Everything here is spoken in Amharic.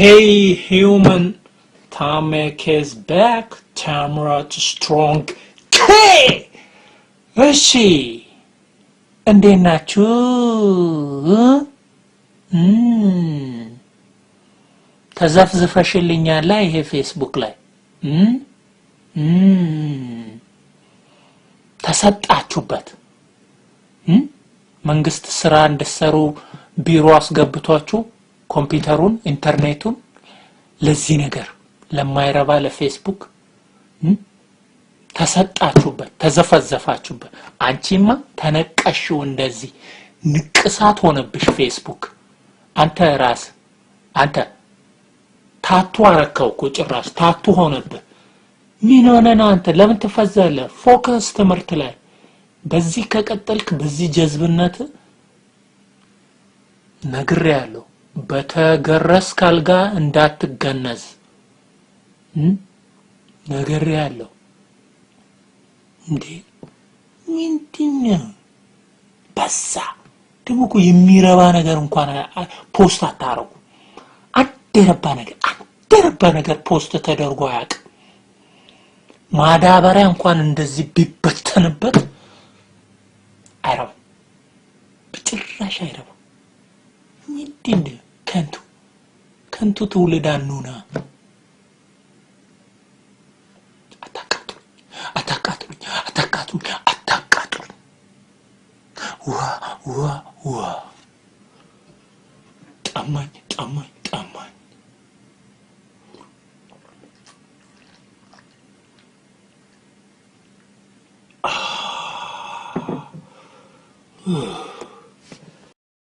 Hey human, Tamek is back. Tamrat strong K. እሺ እንዴት ናችሁ? ተዘፍዝፈሽልኛላ ይሄ ፌስቡክ ላይ ተሰጣችሁበት። መንግስት ስራ እንድትሰሩ ቢሮ አስገብቷችሁ ኮምፒውተሩን ኢንተርኔቱን ለዚህ ነገር ለማይረባ ለፌስቡክ ተሰጣችሁበት ተዘፈዘፋችሁበት አንቺማ ተነቀሽው እንደዚህ ንቅሳት ሆነብሽ ፌስቡክ አንተ ራስ አንተ ታቱ አረከው እኮ ጭራሽ ታቱ ሆነብህ ምን ሆነና አንተ ለምን ትፈዘለ ፎከስ ትምህርት ላይ በዚህ ከቀጠልክ በዚህ ጀዝብነት ነግሬ ያለው በተገረስ አልጋ እንዳትገነዝ ያለው እንዴ ምንድነው በዛ ደግሞ እኮ የሚረባ ነገር እንኳን ፖስት አታረጉ አደረባ ነገር አደረባ ነገር ፖስት ተደርጎ አያውቅም ማዳበሪያ እንኳን እንደዚህ ቢበተንበት አይረባም ጭራሽ አይረባም ምንድን ከንቱ ከንቱ ትውልድ አኑና አታቃጥሉኝ፣ አታቃጥሉኝ፣ አታቃጥሉኝ፣ አታቃጥሉኝ። ዋ ዋ ዋ ጠማኝ፣ ጠማኝ፣ Ugh.